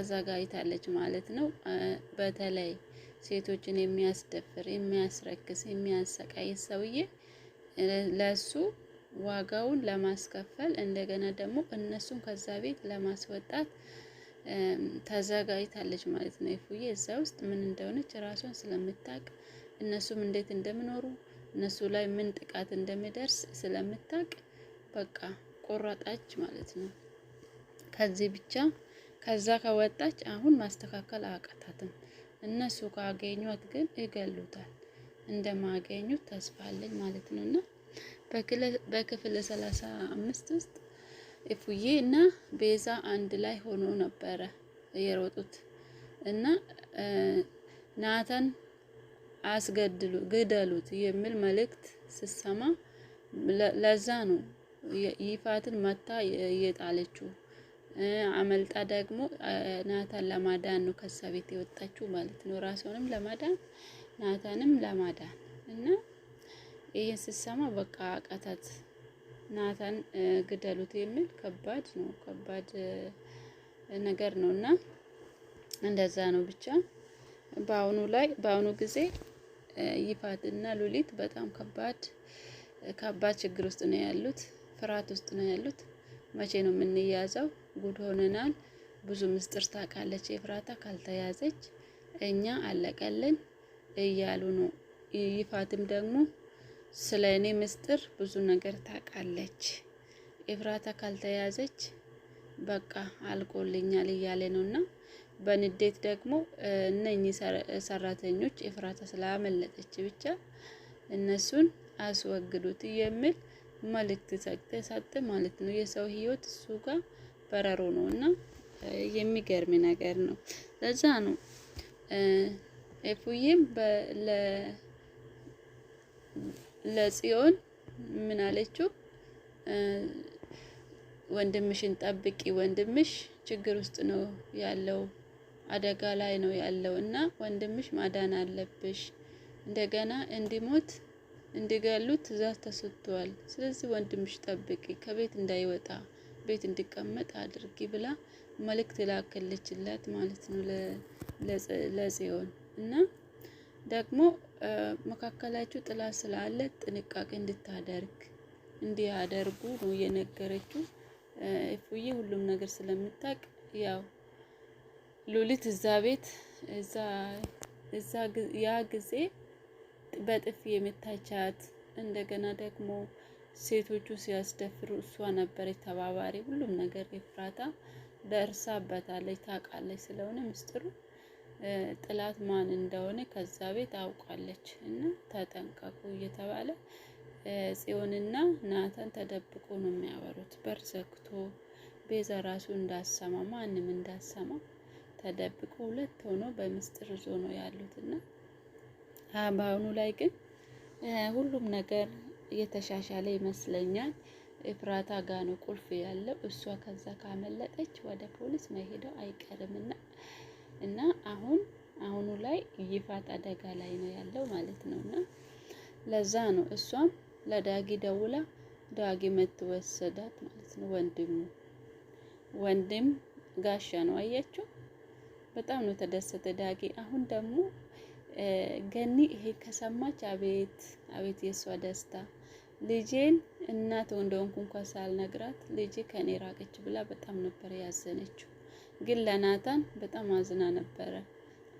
ተዘጋጅታለች ማለት ነው። በተለይ ሴቶችን የሚያስደፍር የሚያስረክስ፣ የሚያሰቃይ ሰውዬ ለሱ ዋጋውን ለማስከፈል እንደገና ደግሞ እነሱን ከዛ ቤት ለማስወጣት ተዘጋጅታለች ማለት ነው። ይፉዬ እዛ ውስጥ ምን እንደሆነች ራሷን ስለምታቅ እነሱም እንዴት እንደምኖሩ እነሱ ላይ ምን ጥቃት እንደሚደርስ ስለምታቅ በቃ ቆረጣች ማለት ነው። ከዚህ ብቻ ከዛ ከወጣች አሁን ማስተካከል አቀታትም እነሱ ካገኙት ግን ይገሉታል። እንደማገኙት ተስፋ አለኝ ማለት ነው እና በክፍል ሰላሳ አምስት ውስጥ እፉዬ እና ቤዛ አንድ ላይ ሆኖ ነበረ የሮጡት እና ናታን አስገድሉ ግደሉት የሚል መልእክት ስሰማ ለዛ ነው ይፋትን መታ የጣለችው። አመልጣ ደግሞ ናታን ለማዳን ነው ከዛ ቤት የወጣችው ማለት ነው። ራሷንም ለማዳን ናታንም ለማዳን እና ይህን ስትሰማ በቃ አቃታት። ናታን ግደሉት የሚል ከባድ ነው፣ ከባድ ነገር ነው እና እንደዛ ነው ብቻ በአሁኑ ላይ በአሁኑ ጊዜ ይፋት እና ሉሊት በጣም ከባድ ከባድ ችግር ውስጥ ነው ያሉት፣ ፍርሃት ውስጥ ነው ያሉት። መቼ ነው የምንያዘው? ጉድ ሆነናል። ብዙ ምስጢር ታውቃለች ኤፍራታ ካልተያዘች እኛ አለቀልን እያሉ ነው። ይፋትም ደግሞ ስለ እኔ ምስጢር ብዙ ነገር ታውቃለች ኤፍራታ ካልተያዘች በቃ አልቆልኛል እያለ ነው እና በንዴት ደግሞ እነኚህ ሰራተኞች ኤፍራታ ስላመለጠች ብቻ እነሱን አስወግዱት የሚል መልእክት ሰጠ ማለት ነው። የሰው ህይወት እሱ ጋር በረሮ ነው እና የሚገርም ነገር ነው። ለዛ ነው ኤፉዬም ለጽዮን ምን አለችው? ወንድምሽን ጠብቂ፣ ወንድምሽ ችግር ውስጥ ነው ያለው፣ አደጋ ላይ ነው ያለው እና ወንድምሽ ማዳን አለብሽ። እንደገና እንዲሞት እንዲገሉት ትእዛዝ ተሰጥቷል። ስለዚህ ወንድምሽ ጠብቂ፣ ከቤት እንዳይወጣ ቤት እንዲቀመጥ አድርጊ ብላ መልእክት ላከለችላት ማለት ነው ለጽዮን እና ደግሞ መካከላችሁ ጥላ ስላለ ጥንቃቄ እንድታደርግ እንዲያደርጉ ነው የነገረችው። እፉዬ ሁሉም ነገር ስለምታውቅ ያው ሉሊት እዛ ቤት እዛ ያ ጊዜ በጥፊ የመታቻት እንደገና ደግሞ ሴቶቹ ሲያስደፍሩ እሷ ነበረች ተባባሪ። ሁሉም ነገር ኤፍራታ ደርሳበታለች፣ ታውቃለች። ስለሆነ ምስጢሩ ጥላት ማን እንደሆነ ከዛ ቤት አውቃለች። እና ተጠንቀቁ እየተባለ ጽዮንና ናተን ተደብቆ ነው የሚያወሩት። በር ዘግቶ ቤዛ ራሱ እንዳሰማ ማንም እንዳሰማ ተደብቆ ሁለት ሆኖ በምስጢር ዞ ነው ያሉት እና በአሁኑ ላይ ግን ሁሉም ነገር የተሻሻለ ይመስለኛል። ኤፍራታ ጋ ነው ቁልፍ ያለው። እሷ ከዛ ካመለጠች ወደ ፖሊስ መሄደው አይቀርምና እና አሁን አሁኑ ላይ ይፋት አደጋ ላይ ነው ያለው ማለት ነው። እና ለዛ ነው እሷም ለዳጊ ደውላ ዳጊ መትወሰዳት ማለት ነው። ወንድሙ ወንድም ጋሻ ነው አያችሁ። በጣም ነው ተደሰተ ዳጊ። አሁን ደግሞ ገኒ ይሄ ከሰማች አቤት አቤት የእሷ ደስታ ልጄን እናት እንደሆንኩ እንኳ ሳልነግራት ልጄ ከኔ ራቀች ብላ በጣም ነበር ያዘነችው። ግን ለናታን በጣም አዝና ነበረ።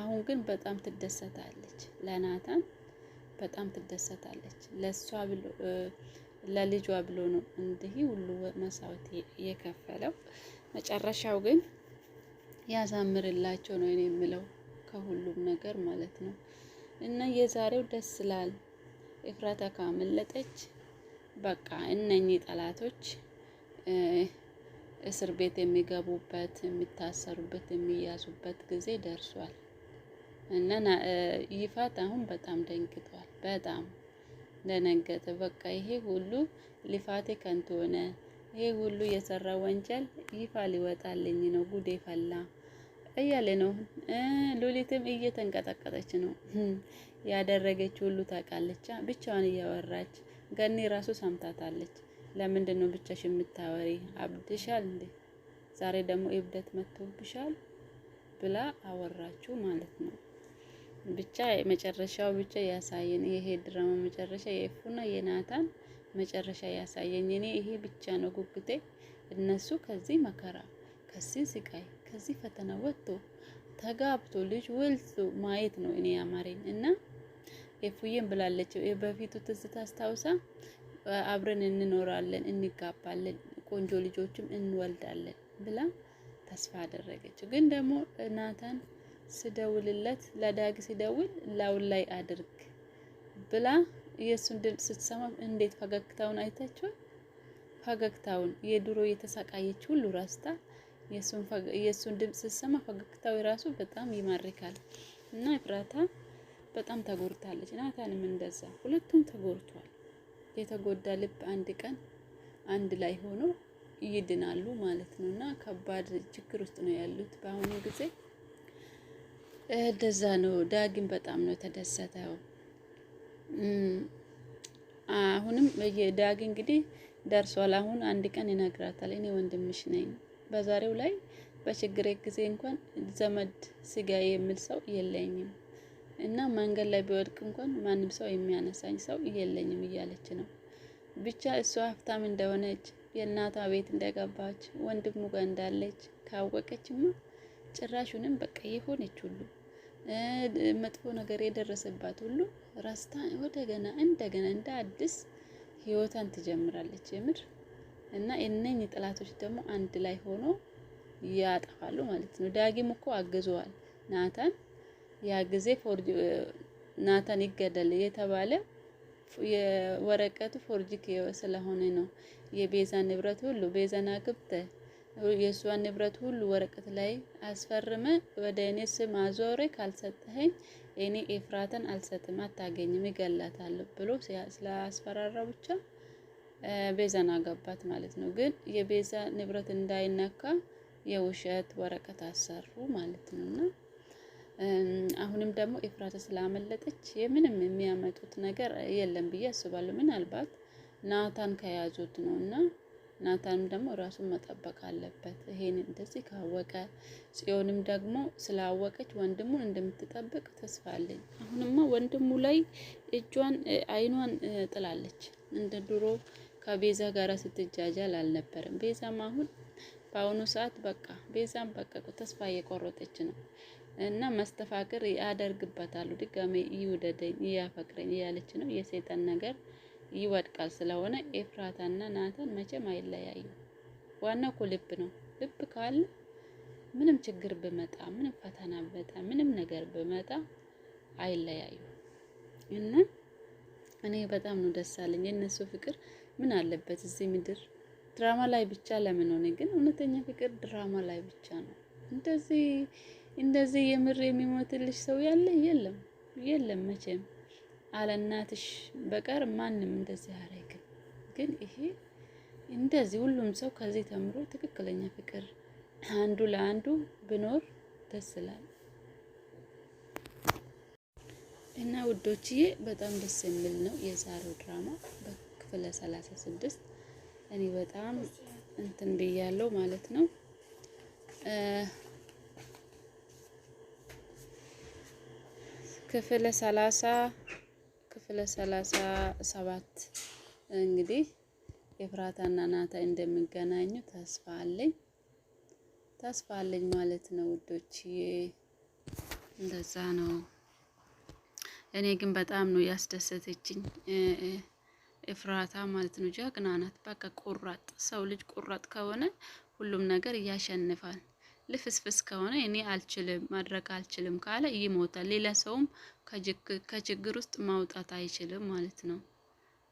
አሁን ግን በጣም ትደሰታለች። ለናታን በጣም ትደሰታለች። ለሷ ብሎ ለልጇ ብሎ ነው እንዲህ ሁሉ መስዋዕት የከፈለው። መጨረሻው ግን ያሳምርላቸው ነው እኔ የምለው ከሁሉም ነገር ማለት ነው። እና የዛሬው ደስ ይላል። ኤፍራታ ካመለጠች በቃ እነኚህ ጠላቶች እስር ቤት የሚገቡበት የሚታሰሩበት የሚያዙበት ጊዜ ደርሷል እና ይፋት አሁን በጣም ደንግጧል። በጣም ደነገጠ። በቃ ይሄ ሁሉ ልፋቴ ከንቱ ሆነ፣ ይሄ ሁሉ የሰራ ወንጀል ይፋ ሊወጣልኝ ነው፣ ጉዴ ፈላ እያለ ነው። ሉሊትም እየተንቀጠቀጠች ነው። ያደረገች ሁሉ ታውቃለች፣ ብቻዋን እያወራች ገኒ ራሱ ሰምታታለች። ለምንድን ነው ብቻሽ የምታወሪ? አብድሻል እንዴ? ዛሬ ደግሞ እብደት መጥቶብሻል ብላ አወራችሁ ማለት ነው። ብቻ መጨረሻው ብቻ ያሳየን። ይሄ ድራማ መጨረሻ የኤፉና የናታን መጨረሻ ያሳየኝ። እኔ ይሄ ብቻ ነው ጉጉቴ። እነሱ ከዚህ መከራ፣ ከዚህ ስቃይ፣ ከዚህ ፈተና ወጥቶ ተጋብቶ ልጅ ወልቶ ማየት ነው እኔ ያማረኝ እና ኤፉዬም ብላለችው በፊቱ ትዝታ አስታውሳ አብረን እንኖራለን፣ እንጋባለን፣ ቆንጆ ልጆችም እንወልዳለን ብላ ተስፋ አደረገችው። ግን ደግሞ ናታን ስደውልለት ለዳግ ሲደውል ላውን ላይ አድርግ ብላ የእሱን ድምፅ ስትሰማ እንዴት ፈገግታውን አይታችኋል? ፈገግታውን የድሮ የተሰቃየች ሁሉ ረስታ የእሱን ድምፅ ስትሰማ ፈገግታው የራሱ በጣም ይማርካል እና ኤፍራታ በጣም ተጎድታለች። ናታንም እንደዛ ሁለቱም ተጎድቷል። የተጎዳ ልብ አንድ ቀን አንድ ላይ ሆኖ ይድናሉ ማለት ነው። እና ከባድ ችግር ውስጥ ነው ያሉት በአሁኑ ጊዜ። እንደዛ ነው። ዳግም በጣም ነው የተደሰተው። አሁንም የዳግ እንግዲህ ደርሷል። አሁን አንድ ቀን ይነግራታል፣ እኔ ወንድምሽ ነኝ። በዛሬው ላይ በችግሬ ጊዜ እንኳን ዘመድ ስጋ የሚል ሰው የለኝም እና መንገድ ላይ ቢወድቅ እንኳን ማንም ሰው የሚያነሳኝ ሰው የለኝም እያለች ነው። ብቻ እሷ ሀብታም እንደሆነች የእናቷ ቤት እንደገባች ወንድሙ ጋር እንዳለች ካወቀችማ ጭራሹንም በቃ የሆነች ሁሉ መጥፎ ነገር የደረሰባት ሁሉ ራስታ ወደገና እንደገና እንደ አዲስ ህይወቷን ትጀምራለች። የምር እና እነኚህ ጥላቶች ደግሞ አንድ ላይ ሆኖ ያጠፋሉ ማለት ነው። ዳጊም እኮ አግዘዋል ናታን ያ ጊዜ ፎርጅ ናታን ይገደል የተባለ የወረቀቱ ፎርጅክ ስለሆነ ነው። የቤዛ ንብረት ሁሉ ቤዛን አግብተ የእሷን ንብረት ሁሉ ወረቀት ላይ አስፈርመ ወደ እኔ ስም አዞሬ ካልሰጠኸኝ እኔ ኤፍራተን አልሰጥም፣ አታገኝም፣ ይገላታል ብሎ ስለአስፈራራ ብቻ ቤዛን አገባት ማለት ነው። ግን የቤዛ ንብረት እንዳይነካ የውሸት ወረቀት አሰሩ ማለት ነውና አሁንም ደግሞ ኤፍራተ ስላመለጠች የምንም የሚያመጡት ነገር የለም ብዬ አስባለሁ። ምናልባት ናታን ከያዙት ነው እና ናታንም ደግሞ ራሱን መጠበቅ አለበት። ይሄን እንደዚህ ካወቀ ጽዮንም ደግሞ ስላወቀች ወንድሙን እንደምትጠብቅ ተስፋ አለኝ። አሁንማ ወንድሙ ላይ እጇን አይኗን ጥላለች። እንደ ድሮ ከቤዛ ጋር ስትጃጃል አልነበረም። ቤዛም አሁን በአሁኑ ሰዓት በቃ ቤዛም በቃ ተስፋ እየቆረጠች ነው። እና መስተፋቅር ያደርግበታል ድጋሜ ይውደደኝ እያፈቅረኝ እያለች ነው። የሰይጣን ነገር ይወድቃል። ስለሆነ ኤፍራታና ናታን መቼም አይለያዩ። ዋናው እኮ ልብ ነው። ልብ ካለ ምንም ችግር ብመጣ፣ ምንም ፈተና ብመጣ፣ ምንም ነገር ብመጣ አይለያዩ እና እኔ በጣም ነው ደስ አለኝ የእነሱ ፍቅር። ምን አለበት እዚህ ምድር ድራማ ላይ ብቻ ለምን ሆነ? ግን እውነተኛ ፍቅር ድራማ ላይ ብቻ ነው እንደዚህ እንደዚህ የምር የሚሞትልሽ ሰው ያለ የለም የለም መቼም አለ እናትሽ በቀር ማንም እንደዚህ አያረግም። ግን ይሄ እንደዚህ ሁሉም ሰው ከዚህ ተምሮ ትክክለኛ ፍቅር አንዱ ለአንዱ ብኖር ደስ ይላል። እና ውዶችዬ በጣም ደስ የሚል ነው የዛሬው ድራማ በክፍለ ሰላሳ ስድስት እኔ በጣም እንትን ብያለው ማለት ነው። ክፍል ሰላሳ ክፍል ሰላሳ ሰባት እንግዲህ ኤፍራታና ናታ እንደሚገናኙ ተስፋ አለኝ ተስፋ አለኝ ማለት ነው ውዶችዬ። እንደዛ ነው። እኔ ግን በጣም ነው ያስደሰተችኝ ኤፍራታ ማለት ነው። ጀግና ናት። በቃ ቁራጥ ሰው ልጅ ቁራጥ ከሆነ ሁሉም ነገር ያሸንፋል። ልፍስፍስ ከሆነ እኔ አልችልም ማድረግ አልችልም ካለ ይሞታል። ሌላ ሰውም ከችግር ውስጥ ማውጣት አይችልም ማለት ነው።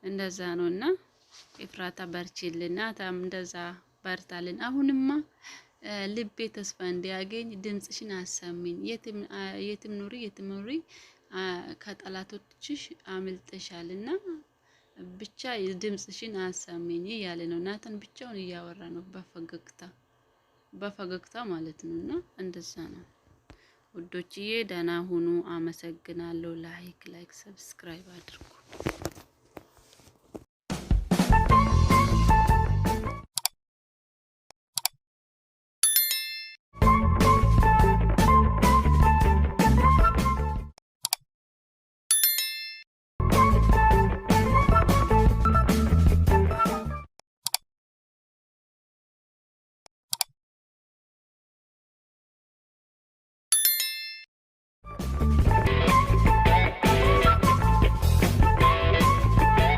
እንደዛ ነው እና ኤፍራታ በርችልና ታም እንደዛ በርታልን። አሁንማ ልቤ ተስፋ እንዲያገኝ ድምጽሽን አሰሚኝ። የትም ኑሪ የትም ኑሪ ከጠላቶችሽ አምልጠሻል ብቻ ድምጽሽን አሰሚኝ እያለ ነው ናታን ብቻውን እያወራ ነው በፈገግታ በፈገግታ ማለት ነው። እና እንደዛ ነው ውዶችዬ፣ ደህና ሁኑ። አመሰግናለሁ። ላይክ ላይክ ሰብስክራይብ አድርጉ።